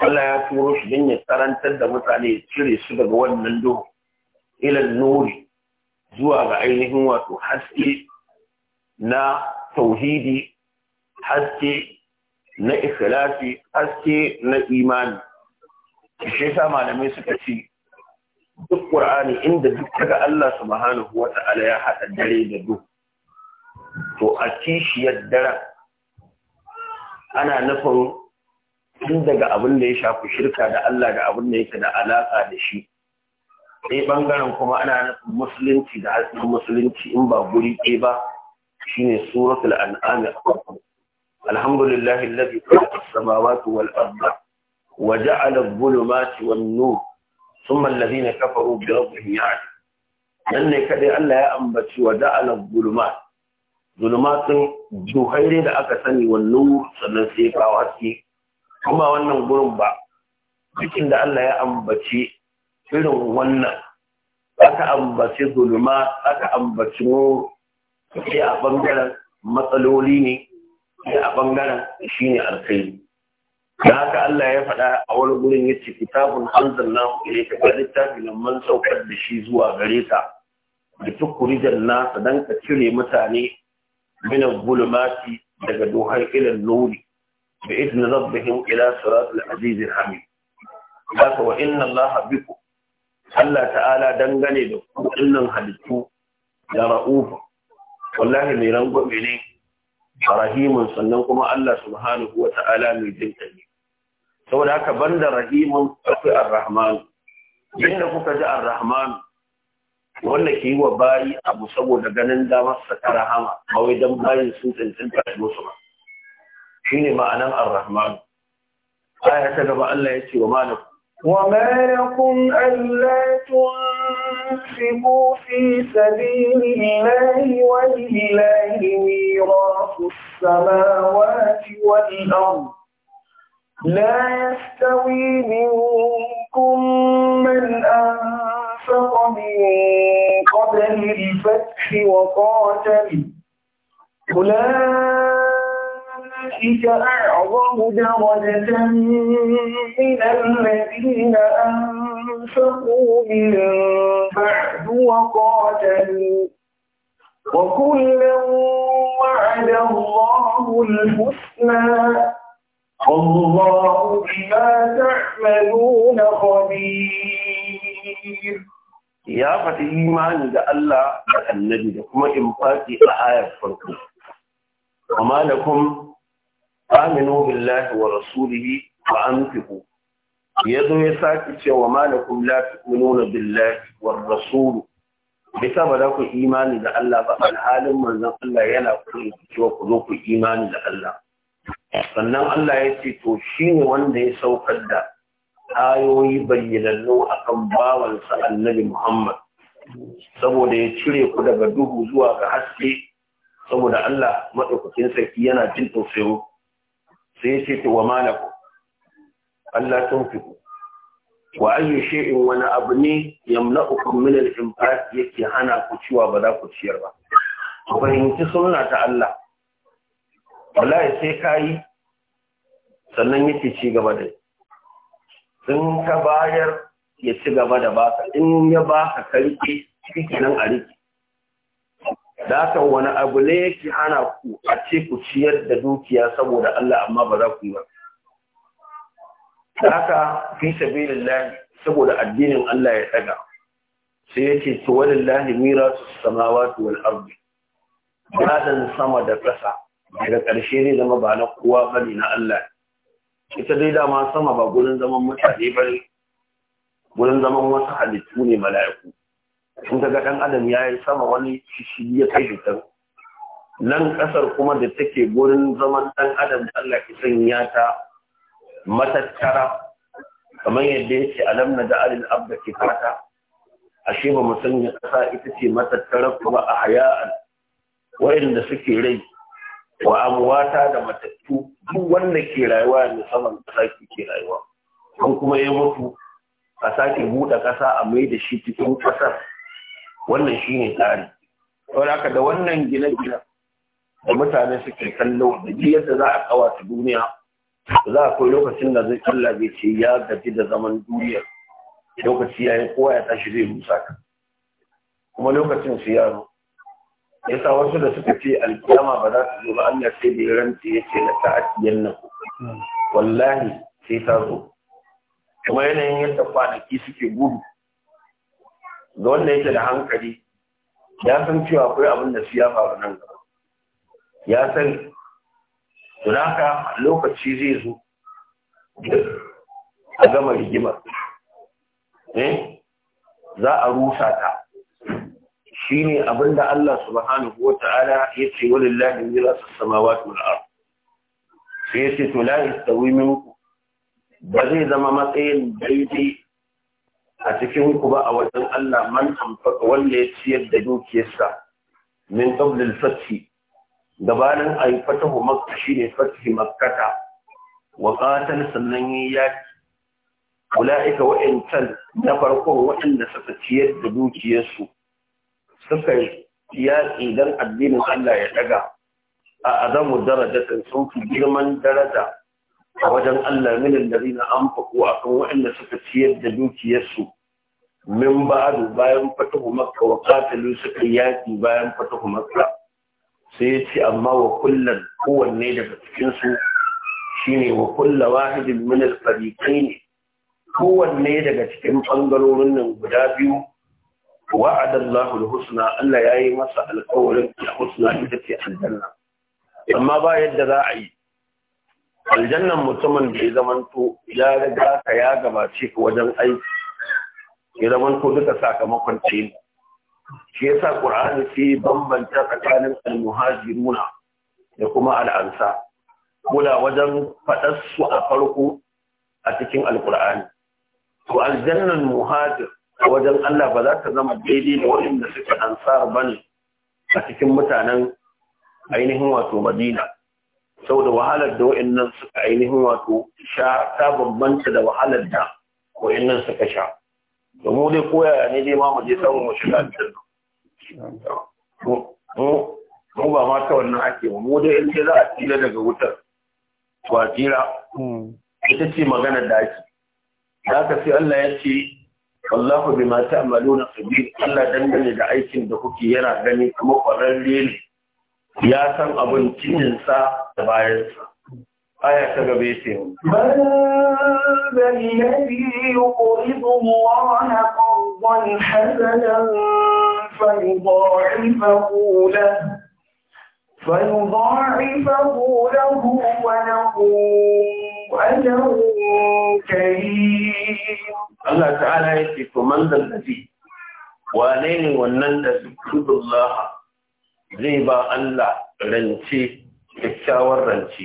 Speaker 1: Allah ya turo shi don ya karantar da mutane ya cire su daga wannan duhu ilan nuri zuwa ga ainihin wato haske na tauhidi haske na ikhlasi haske na imani shi yasa malamai suka ce duk qur'ani inda duk daga Allah subhanahu wa ta'ala ya hada dare da duk to a kishiyar dara, ana nufin tun daga abin da ya shafi shirka da Allah da abin da yake da alaka da shi Sai ɓangaren kuma ana nufin musulunci da hasken musulunci in ba guri ɗaya ba shine suratul an'am alhamdulillahi alladhi khalaqa as-samawati wal arda wa ja'ala adh-dhulumati nur ثم الذين كفروا بربهم يعني nan ne kaɗai Allah ya ambaci wa da'alar gulma zulmatin duhaire da aka sani wa nur sannan sai kawo haske kuma wannan gurin ba cikin da Allah ya ambaci irin wannan aka ambaci zulma aka ambaci nur sai a bangaren matsaloli ne sai a bangaren shine alkhairi da haka Allah ya faɗa a wani gurin yace kitabun anzalnahu ilayka ba littafi nan man saukar da shi zuwa gare ka da tukurijan nasa dan ka cire mutane min al daga duhar ila nuri da idni rabbihim ila siratil azizil hamid haka wa inna Allah bikum Allah ta'ala dangane da ku dinnan halittu da ra'ufu wallahi mai rangwame ne rahimun sannan kuma Allah subhanahu wa ta'ala mai jinta saboda haka banda rahimun akwai ar-rahman yadda kuka ji ar-rahman wanda ke yi wa bayi abu saboda ganin damar sa ta rahama ba wai dan bayin sun tsantsanta shi musu ba shine ma'anan ar-rahman aya ta gaba Allah ya ce wa malakum
Speaker 2: وما لكم ألا تنفقوا في سبيل الله ولله ميراث السماوات والأرض لا يستوي منكم من أنفق من قبل الفتح وقاتل أولئك أعظم درجة من الذين أنفقوا من بعد وقاتلوا وكلا وعد الله الحسنى والله بما تعملون خبير
Speaker 1: يا فتي إيماني ده الله ده النبي ده كما إنفاتي آية فرقه وما لكم آمنوا بالله ورسوله وأنفقوا يدو يساكي وما لكم لا تؤمنون بالله والرسول bisa ba za ku imani da Allah ba alhalin manzon Allah yana ku cewa ku zo ku imani da Allah sannan Allah ya ce to shi ne wanda ya saukar da ayoyi bayyanannu akan bawansa annabi Muhammad saboda ya cire ku daga duhu zuwa ga haske saboda Allah madaukakin sarki yana jin tausayo sai ya ce to wa malaku Allah ku. wa ayyu shay'in wani abu ne yamna'ukum min al-infaq yake hana ku ciwa ba za ku ciyar ba ku fahimci sunna ta Allah wallahi sai ka yi sannan yake ci gaba da Sun ka bayar ya ci gaba da baka in ya baka ka cikin nan a riki da haka wani abu ne yake hana ku a ce ku ciyar da dukiya saboda Allah amma ba za ku yi ba da haka fi sabilillah saboda addinin Allah ya daga sai yake to walillahi mirasu samawati wal ardi gadan sama da kasa daga ƙarshe ne zama ba na kowa ba ne na Allah ita dai dama sama ba gurin zaman mutane ne gurin zaman wasu halittu ne mala'iku sun ga ɗan adam ya yi sama wani shi ya kai da fitar nan ƙasar kuma da take gurin zaman ɗan adam da Allah ya sanya ta matattara kamar yadda ya ce alam na da alil abda ke fata ashe ba mu sanya ƙasa ita ce matattara kuma a haya'an waɗanda suke rai wa amwata da matattu duk wanda ke rayuwa ne saman ƙasa ke rayuwa don kuma ya mutu a sake buɗe ƙasa a mai da shi cikin ƙasar wannan shi ne tsari don haka da wannan gine-gine da mutane suke kallo da yadda za a kawata duniya za a kai lokacin da zai Allah bai ce ya gaji da zaman duniya lokaci yayin kowa ya tashi zai musa ka kuma lokacin su yaro yasa wasu da suka ce alkiyama ba za su zo ba Allah sai da ran ya ce na ajiyar nan wallahi sai ta zo kuma yanayin yadda kwanaki suke gudu ga wanda yake da hankali ya san cewa akwai abin da su ya faru nan gaba ya san tunaka lokaci zai zo a gama rigima. Eh? za a rusa ta shine abinda Allah subhanahu wata'ala yace walillahi mirasu samawati wal ard sai yace to la yastawi ku. ba zai zama matsayin daidai a cikin ku ba a wajen Allah man amfaka wanda ya ciyar da dukiyarsa min qabl al-fath gabanin ayi fatahu makka ne fathi makkata wa qatal sannan ya ulaika wa'antal na farkon waɗanda suka ciyar da dukiyarsu suka yaƙi idan addinin Allah ya daga a azamu darajatan sun fi girman daraja a wajen Allah min alladhina a akan waɗanda suka ciyar da dukiyarsu min ba'du bayan fatahu makka wa qatalu suka yaki bayan fatahu makka sai ya ce amma wa kullan kowanne daga cikinsu shine wa kullu wahidin min al kowanne daga cikin bangarorin nan guda biyu wa'ada Allahu al-husna Allah yayi masa alƙawarin al-husna ita ce aljanna amma ba yadda za a yi aljannan mutumin da ya zamanto ya riga ka ya gabace ka wajen aiki ya zamanto duka sakamakon ce ne shi yasa qur'ani ke bambanta tsakanin al-muhajiruna da kuma al'ansa, kula wajen faɗar su a farko a cikin alƙur'ani to aljannan muhajir a wajen Allah ba za ta zama daidai da waɗanda suka ansar ba ne a cikin mutanen ainihin wato Madina. Saboda wahalar da waɗannan suka ainihin wato sha ta bambanta da wahalar da waɗannan suka sha. Domin dai koya ne dai ma muje je samun mu shiga aljanna. mu ba ma ta wannan ake ba mu dai in ce za a tsira daga wutar to a hmm. ita ce magana da ake da aka sai Allah ya ce wallahu bima ta'maluna khabir Allah dangane da aikin da kuke yana gani kuma kwararre ne ya san abun cikin sa da bayan sa aya ta gaba
Speaker 2: yace bal ladhi yuqridu Allah qardan hasanan fa yudha'ifahu lahu فيضاعفه له وأجر ta'ala
Speaker 1: الله تعالى يتيك من ذا الذي وانين ونن سبحان الله zai ba Allah rance kyakkyawar rance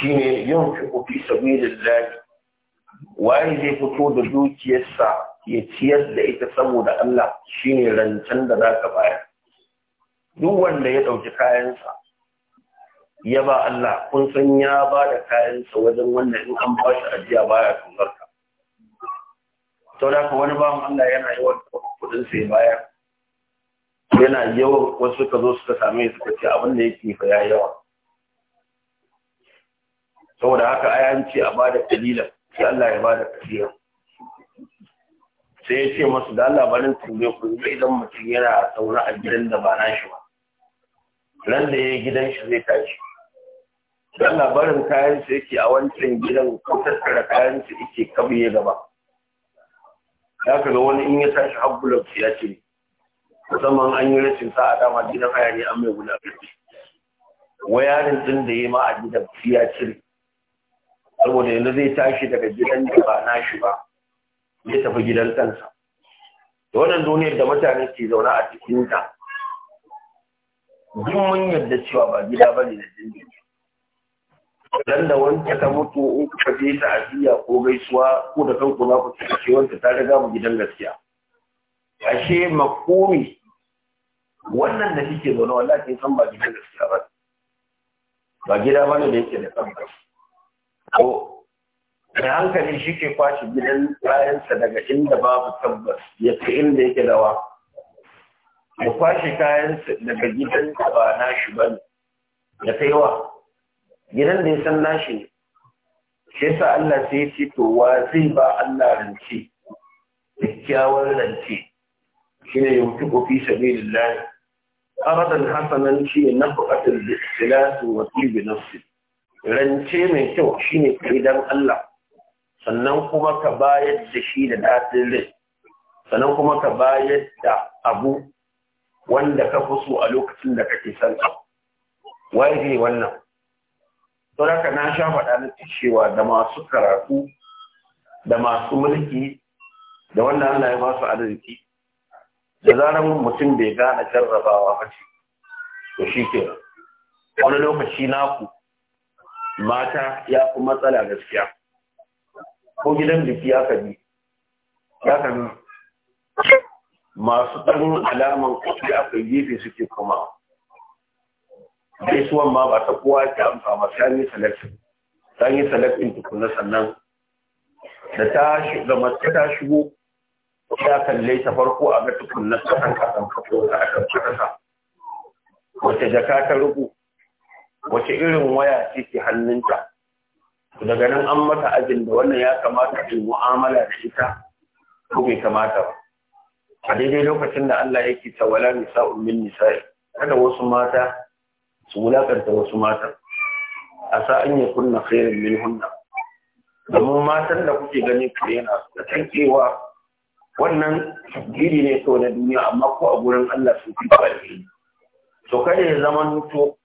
Speaker 1: Shi ne yin fi ofi sabilillahi waye zai fito da dukiyarsa ya ciyar da ita saboda Allah shi ne rancen da za ka bayar duk wanda ya ɗauki kayansa ya ba Allah kun san ya ba da kayansa wajen wannan in an ba shi ajiya baya tunarka sau da wani bawan Allah yana yawan kudin sai baya yana yawan wasu suka zo suka same suka ce abin da yake fa ya yawa saboda haka ayan ce a ba da kalilan sai Allah ya ba da kalilan sai ya ce masu da Allah barin tube ku idan mutum yana saura a gidan da ba na shi ba nan da ya gidan shi zai tashi don labarin kayan su yake a wancan gidan ko tattara kayan su yake ya gaba ya kaga wani in ya tashi habbulab ya ce musamman an yi rashin sa a dama gidan haya ne an mai guda wayarin din da ya ma a gidan ya cire saboda yanzu zai tashi daga gidan da ba nashi ba ya tafi gidan kansa da wannan duniyar da mutane ke zaune a cikin ta duk mun yarda cewa ba gida ba ne da dindin dan da wanda ta mutu in ka je ta aziya ko gaisuwa ko da kanku za ku ci ce wanda ta riga mu gidan gaskiya ashe makomi wannan da kike zaune wallahi san ba gidan gaskiya ba
Speaker 2: ba gida ba ne da yake
Speaker 1: da kanka ko da hankali shi ke kwashe gidan kayansa daga inda babu tabbas ya fi inda yake dawa ya kwashe kayansa daga gidan da ba na shi ba ne ya kaiwa gidan da ya san nashi ne shi yasa Allah sai ya ce to wa zai ba Allah rance kyakkyawar rance shine yunfiqu fi sabilillah aradan hasanan shi ne na buƙatar ikhtilasu wa tibi nafsi rance mai kyau shi shine idan Allah sannan kuma ka bayar da shi da dadin rai sannan kuma ka bayar da abu wanda ka fi so a lokacin da kake son wa ne wannan haka na sha faɗa na cewa da masu karatu da masu mulki
Speaker 2: da wanda Allah ya
Speaker 1: ba su arziki da zarar mutum bai gane jarrabawa ba ce to shi ke wani lokaci naku mata ya fi matsala gaskiya ko gidan biki ka bi ya kan masu ɗan alaman kuɗi akwai gefe suke kuma gaisuwan ma ba ta kowa ta amsa ba sai an yi selection an yi selection tukuna sannan da ta da mace ta shigo ya kalle ta farko a ga tukuna ta kasan fito da aka kasa wace jaka ta rubu wace irin waya ce ke hannunta daga nan an mata ajin da wannan ya kamata in mu'amala da ita ko bai kamata ba a daidai lokacin da Allah yake tawala nisa'un min nisa'i kada wasu mata su wulakanta wasu mata a sa an yi kunna khairin min hunna domin matan da kuke gani ku yana da kan wannan giri ne kawai na duniya amma ko a gurin Allah su fi ƙarfi to kada ya zama nuto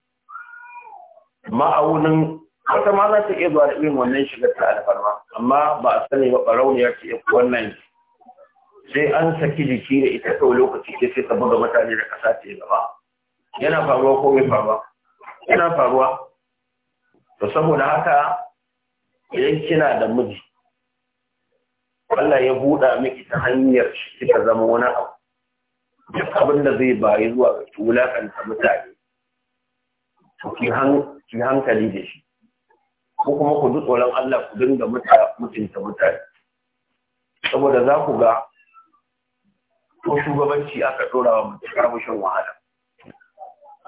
Speaker 1: ma'aunin wata ma za ta iya zuwa da irin wannan shigar ta alfarma amma ba a sani ba ɓarauniya ta ya wannan sai an saki jiki da ita kawai lokaci ke sai ta buga mutane da ƙasa yi gaba yana faruwa ko bai faruwa yana faruwa to saboda haka idan kina da miji Allah ya buɗa miki ta hanyar shi kika zama wani abu duk abin da zai bayi zuwa ga wulakanta mutane to ki hankali da shi ko kuma ku ji tsoron Allah ku dinga mutunta mutane saboda za ku ga ko shugabanci aka ɗora wa mutum shan wahala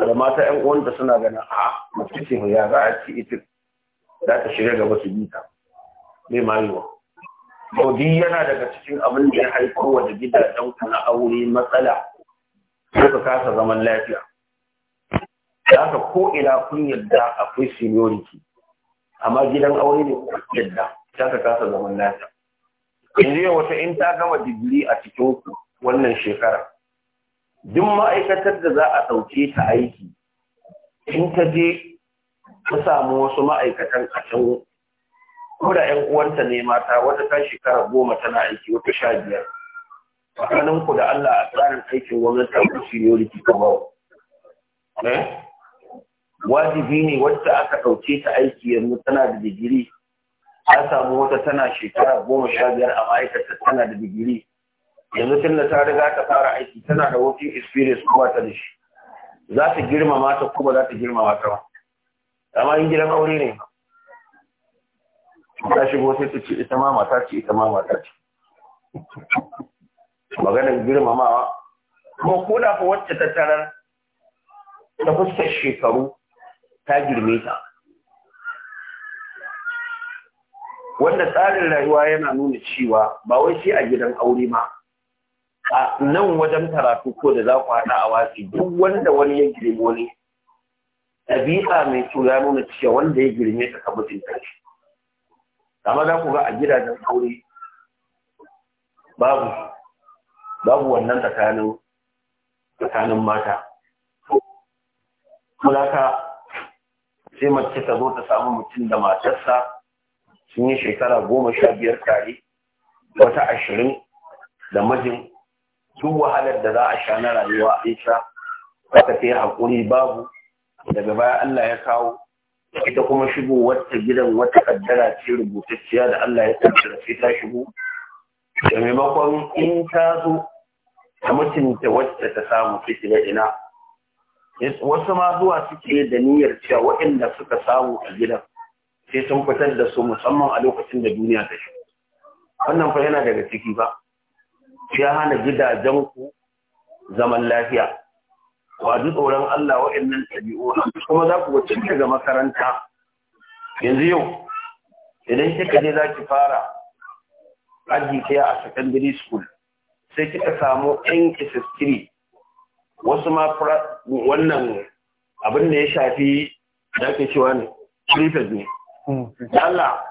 Speaker 1: da mata yan uwanta suna ganin a mace ce ya za a ci ita za ta shiga gaba su bi ta mayuwa to yana daga cikin abin da ya haifar wa da gidajen na aure matsala ko ka kasa zaman lafiya za ka ko ina kun yadda akwai seniority amma gidan aure ne kun yadda za ka kasa zaman lafiya yanzu yau wata in ta gama digiri a cikin wannan shekara duk ma'aikatar da za a ɗauke ta aiki in ta je ta samu wasu ma'aikatan a can ko da ‘yan uwanta ne mata wata ta shekara goma tana aiki wata sha biyar tsakanin ku da Allah a tsarin aikin gwamnati ta ku seniority kamar eh? wajibi ne wacce aka ɗauke ta aiki yanzu tana da digiri ta samu wata tana shekara goma sha biyar a ma'aikatar tana da digiri yanzu tun da ta riga ta fara aiki tana da working experience kuma ta da shi za ta girmama ta kuma za ta girmama ta ba amma in gidan aure ne ta shigo sai ta ce ita ma mata ce ita ma mata ce maganar girmamawa kuma ko da fa wacce ta tarar ta fuskar shekaru ta girme ta wanda tsarin rayuwa yana nuna cewa ba wai sai a gidan aure ma a nan wajen karatu ko da za ku haɗa a watsi duk wanda wani ya girme wani ɗabi'a mai kyau ya nuna cewa wanda ya girme ka ka mutum amma za ku ga a gidajen aure babu babu wannan tsakanin tsakanin mata mulaka sai mace ta zo ta samu mutum da matarsa sun yi shekara goma sha biyar tare wata ashirin da mijin duk wahalar da za a sha na rayuwa aisha ba aka ta haƙuri babu daga baya Allah ya kawo ita kuma shigo wata gidan wata kaddara ce rubutacciya da Allah ya kaddara sai ta shigo da maimakon in ta zo ta mutunta wacce ta samu fitina ina wasu ma zuwa suke da niyyar cewa waɗanda suka samu a gidan sai sun fitar da su musamman a lokacin da duniya ta shigo wannan fa yana daga ciki ba ya hana gidajen ku zaman lafiya Wa ji tsoron Allah waɗannan ɗabi'u kuma za ku wuce daga makaranta yanzu yau idan kika je za ki fara aji ɗaya a secondary school sai kika samu ɗan kisistiri wasu ma wannan abin da ya shafi da ake cewa ne prefect ne hmm. Allah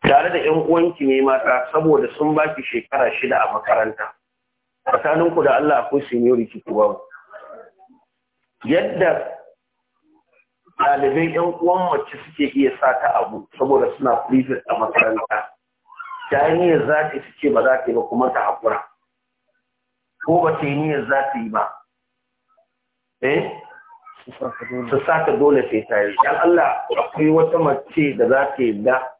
Speaker 1: tare da 'yan uwanki ne mata saboda sun baki shekara shida a makaranta tsakaninku da Allah akwai seniority ku yadda ɗalibai 'yan uwan mace suke iya sa ta abu saboda suna private a makaranta ta hanyar za ta suke ba za ta yi ba kuma ta haƙura ko ba ta yi niyyar za ta yi ba eh su sa dole sai ta yi Allah akwai wata mace da za ta yi da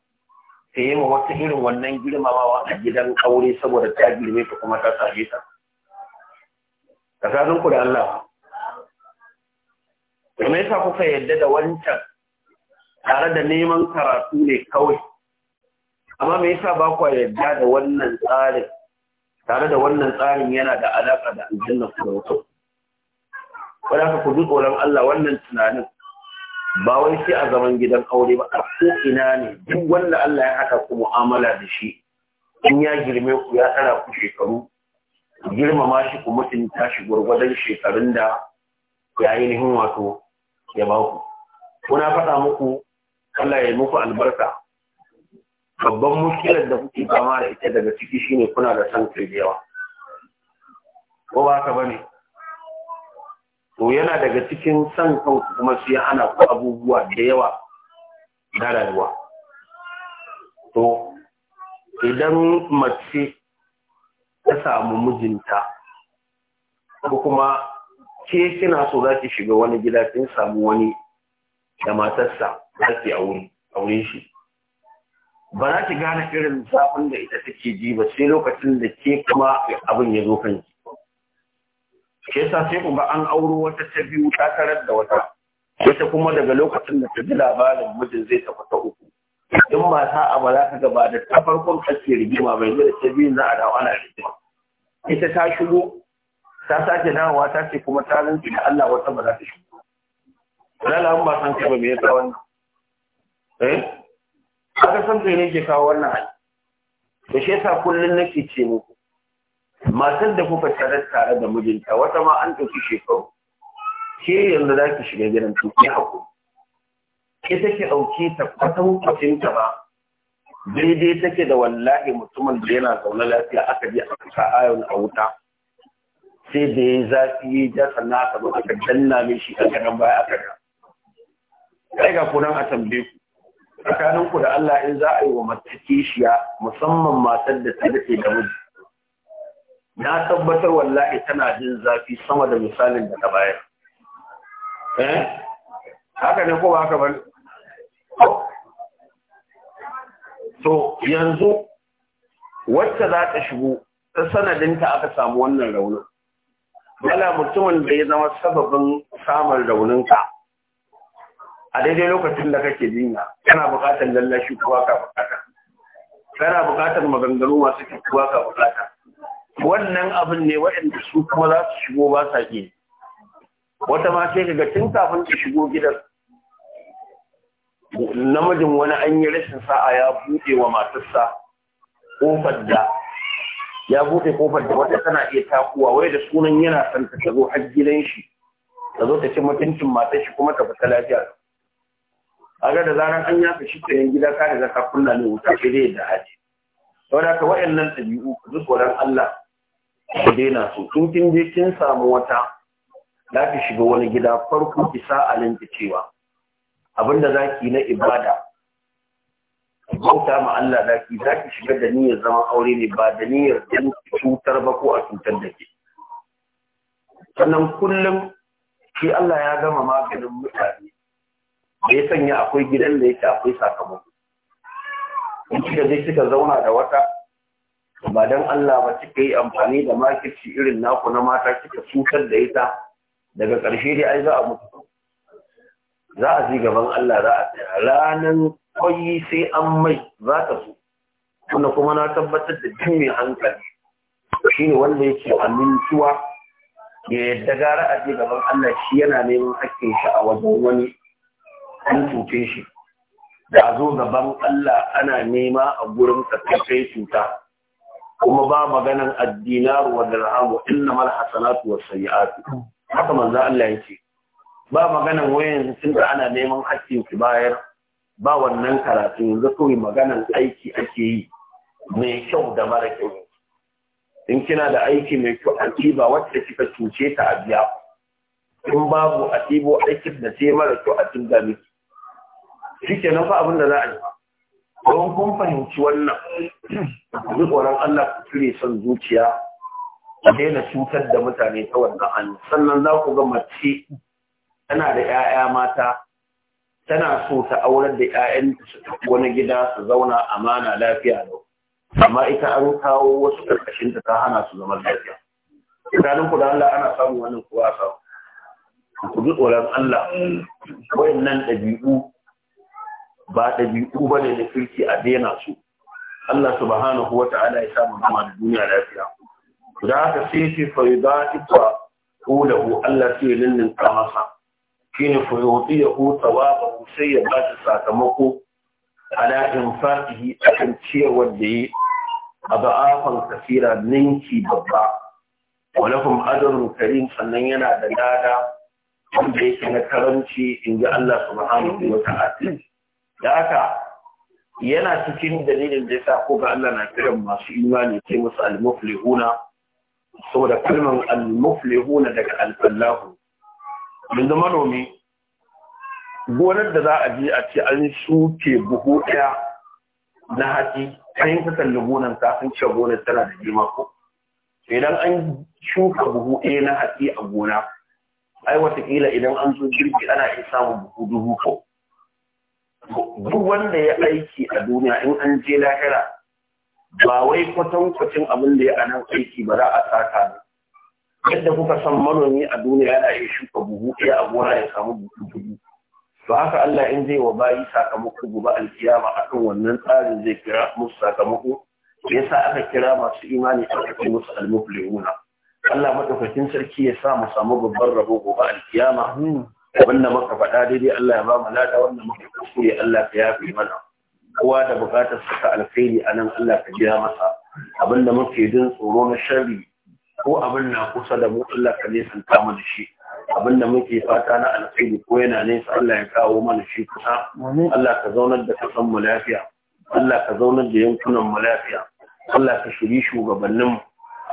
Speaker 1: ta yi ma wata irin wannan girmamawa a gidan aure saboda ta girme ta kuma ta same ta Ka tsakanin ku da Allah me yasa kuka yadda da wancan tare da neman karatu ne kawai amma me yasa ba ku yadda da wannan tsarin tare da wannan tsarin yana da alaƙa da aljanna ku da ka ku ji tsoron Allah wannan tunanin ba wai sai a zaman gidan aure ba a ko ina ne duk wanda Allah ya haɗa ku mu'amala da shi in ya girme ku ya tsara ku shekaru girmama shi ku mutunta shi gwargwadon shekarun da ya ainihin wato ya ba ku kuna faɗa muku Allah ya muku albarka babban muskilar da kuke fama da ita daga ciki shine kuna da san kai da yawa ko ba ka bane to yana daga cikin san kan kuma sai ana ku abubuwa da yawa na rayuwa to idan mace ta samu mijinta ko kuma ke kina so za ki shiga wani gida kin samu wani da matarsa za ki aure shi ba za ki gane irin zafin da ita take ji ba sai lokacin da ke kuma abin ya zo kanki Ke sa sai ku ga an auro wata ta biyu ta tarar da wata ita kuma daga lokacin da ta ji labarin mijin zai tafi ta uku in mata a ba za ka gaba da ta farkon kake rigima bai zai da ta biyu za a dawo ana rigima ita ta shigo ta sake dawowa ta ce kuma ta rinci da Allah wata ba za ta shigo lalawan ba san kai ba me yasa wannan eh aka san kai ne ke kawo wannan hali to shi yasa kullun nake ce muku matar da kuka tare tare da mijinta wata ma an ɗauki shekaru ke yanzu za ki shiga gidan to ki hako. ke take ɗauke ta kwatan kwacin ba daidai take da wallahi mutumin da yana zaune lafiya aka je a kusa ayon a wuta sai da ya zafi ya sannan aka zo aka danna mai shi aka nan baya aka ga kai ga kunan a tambaye ku tsakanin ku da Allah in za a yi wa mace kishiya musamman matar da ta dace da miji na tabbatar wallahi tana jin zafi sama da misalin da ta bayar eh haka ne ko ba haka bane to yanzu wacce za ta shigo ta sanadinta aka samu wannan raunin wala mutumin da ya zama sababin samun ka a daidai lokacin da kake jinya kana bukatar lallashi kuwa ka buƙata kana buƙatar maganganu masu kyau ka buƙata wannan abin ne waɗanda su kuma za su shigo ba sa ke wata ma sai ga tun kafin ta shigo gidan namijin wani an yi rashin sa'a ya buɗe wa matarsa kofar da ya buɗe kofar da wata tana iya takuwa wai da sunan yana son ta zo har gidan shi ta zo ta ci mutuncin matar kuma ta fita lafiya aga da zaran an yafe shi yin gida ka da ka kunna ne wuta sai da haji saboda ka wayannan dabi'u ku tsoron Allah ku daina su tun kin je kin samu wata za ki shiga wani gida farko ki sa alinta cewa abinda za ki na ibada bauta ma Allah za ki za ki shiga da niyyar zaman aure ne ba da niyyar dan cutar ba ko a cutar da ke sannan kullum shi Allah ya gama maganin mutane da ya sanya akwai gidan da yake akwai sakamako in kika je kika zauna da wata ba don Allah ba kika yi amfani da makirci irin naku na mata kika cutar da ita daga ƙarshe dai ai za a mutu za a ji gaban Allah za a tsaya ranan kwayi sai an mai za ta so kuma kuma na tabbatar da duk mai hankali Shin wanda yake amintuwa ya yadda gara a ji gaban Allah shi yana neman hakkin shi a wajen wani an cuce shi da a zo gaban Allah ana nema a gurin ka kai cuta kuma ba maganan addina wa dirhamu Mara hasanatu was sayiat haka manzo Allah yake ba maganan wayan sun da ana neman hakkin ki bayar ba wannan karatu yanzu kawai maganan aiki ake yi mai kyau da mara kyau in kina da aiki mai kyau a ba wacce kika cuce ta a biya in babu a aikin da sai mara kyau a cin miki shi fa abin da za a yi don kun fahimci wannan duk tsoron Allah ku cire son zuciya a daina cutar da mutane ta wannan hannu sannan za ku ga mace tana da 'ya'ya mata tana so ta aurar da 'ya'yanta su tafi wani gida su zauna amana lafiya da amma ita an kawo wasu ƙarƙashinta ta hana su zama lafiya tsakanin ku da Allah ana samun wani kuwa samu ku ji tsoron Allah wayannan ɗabi'u ba ɗabi'u ba ne na kirki a daina su Allah subhanahu wa ta'ala ya samu zama da duniya lafiya da haka sai ce fa yudatifa qulahu Allah sai lillin masa shine fa yutiyahu thawabahu sai ya ba ta sakamako ala infatihi akan ciyarwar da yi a ba'afan kasira ninki babba walafin adarun karim sannan yana da lada wanda yake na karanci in ji Allah subhanahu wa ta'ala da aka yana cikin dalilin da ya ko ga Allah na kiran masu imani sai musu al-muflihuna saboda kalmar al-muflihuna daga al-fallahu yanzu manomi gonar da za a je a ce an shuke buhu ɗaya na hatsi an yi kalli gonar ta sun cewa gonar tana da girma ko idan an shuka buhu ɗaya na hatsi a gona ai watakila idan an zo girki ana iya samun buhu dubu ko duk wanda ya aiki a duniya in an je lahira ba wai kwatankwacin abin da ya a nan aiki ba za a saka ba. yadda kuka san manomi a duniya yana iya shuka buhu ɗaya a gona ya samu buhu buhu to haka Allah in zai wa bayi sakamako gobe alkiyama a kan wannan tsarin zai kira musu sakamako ya sa aka kira masu imani a ce musu almuflihuna Allah madaukakin sarki ya sa mu samu babban rabo gobe alkiyama wanda muka faɗa daidai Allah ya ba mu lada wanda muka kuskure Allah ka yafe mana kowa da bukatar saka alkhairi a nan Allah ka biya masa abinda muke jin tsoro na sharri ko abin na kusa da mu Allah ka nesanta mu da shi abinda muke fata na alkhairi ko yana nesa Allah ya kawo mana shi kusa Allah ka zaunar da kasan mu lafiya Allah ka zaunar da yankunan mu lafiya Allah ka shiri shugabannin mu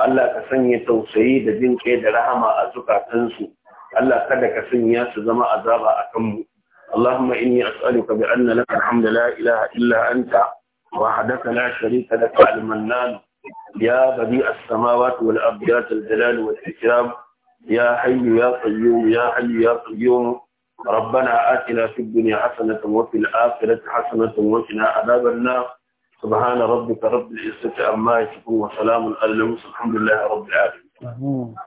Speaker 1: Allah ka sanya tausayi da jin da rahama a zukatansu Allah kada ka sanya su zama azaba a kanmu. Allahumma inni ka bi anna laka alhamdu la ilaha illa anta wa hadaka la sharika laka al-mannan ya badi as-samawati wal abdiyat al-jalal wal ikram ya hayyu ya qayyum ya hayyu ya qayyum rabbana atina fid dunya hasanatan wa fil akhirati hasanatan wa qina
Speaker 2: adhaban nar subhana rabbika rabbil izzati amma yasifun wa salamun ala al-mursalin alhamdulillahi rabbil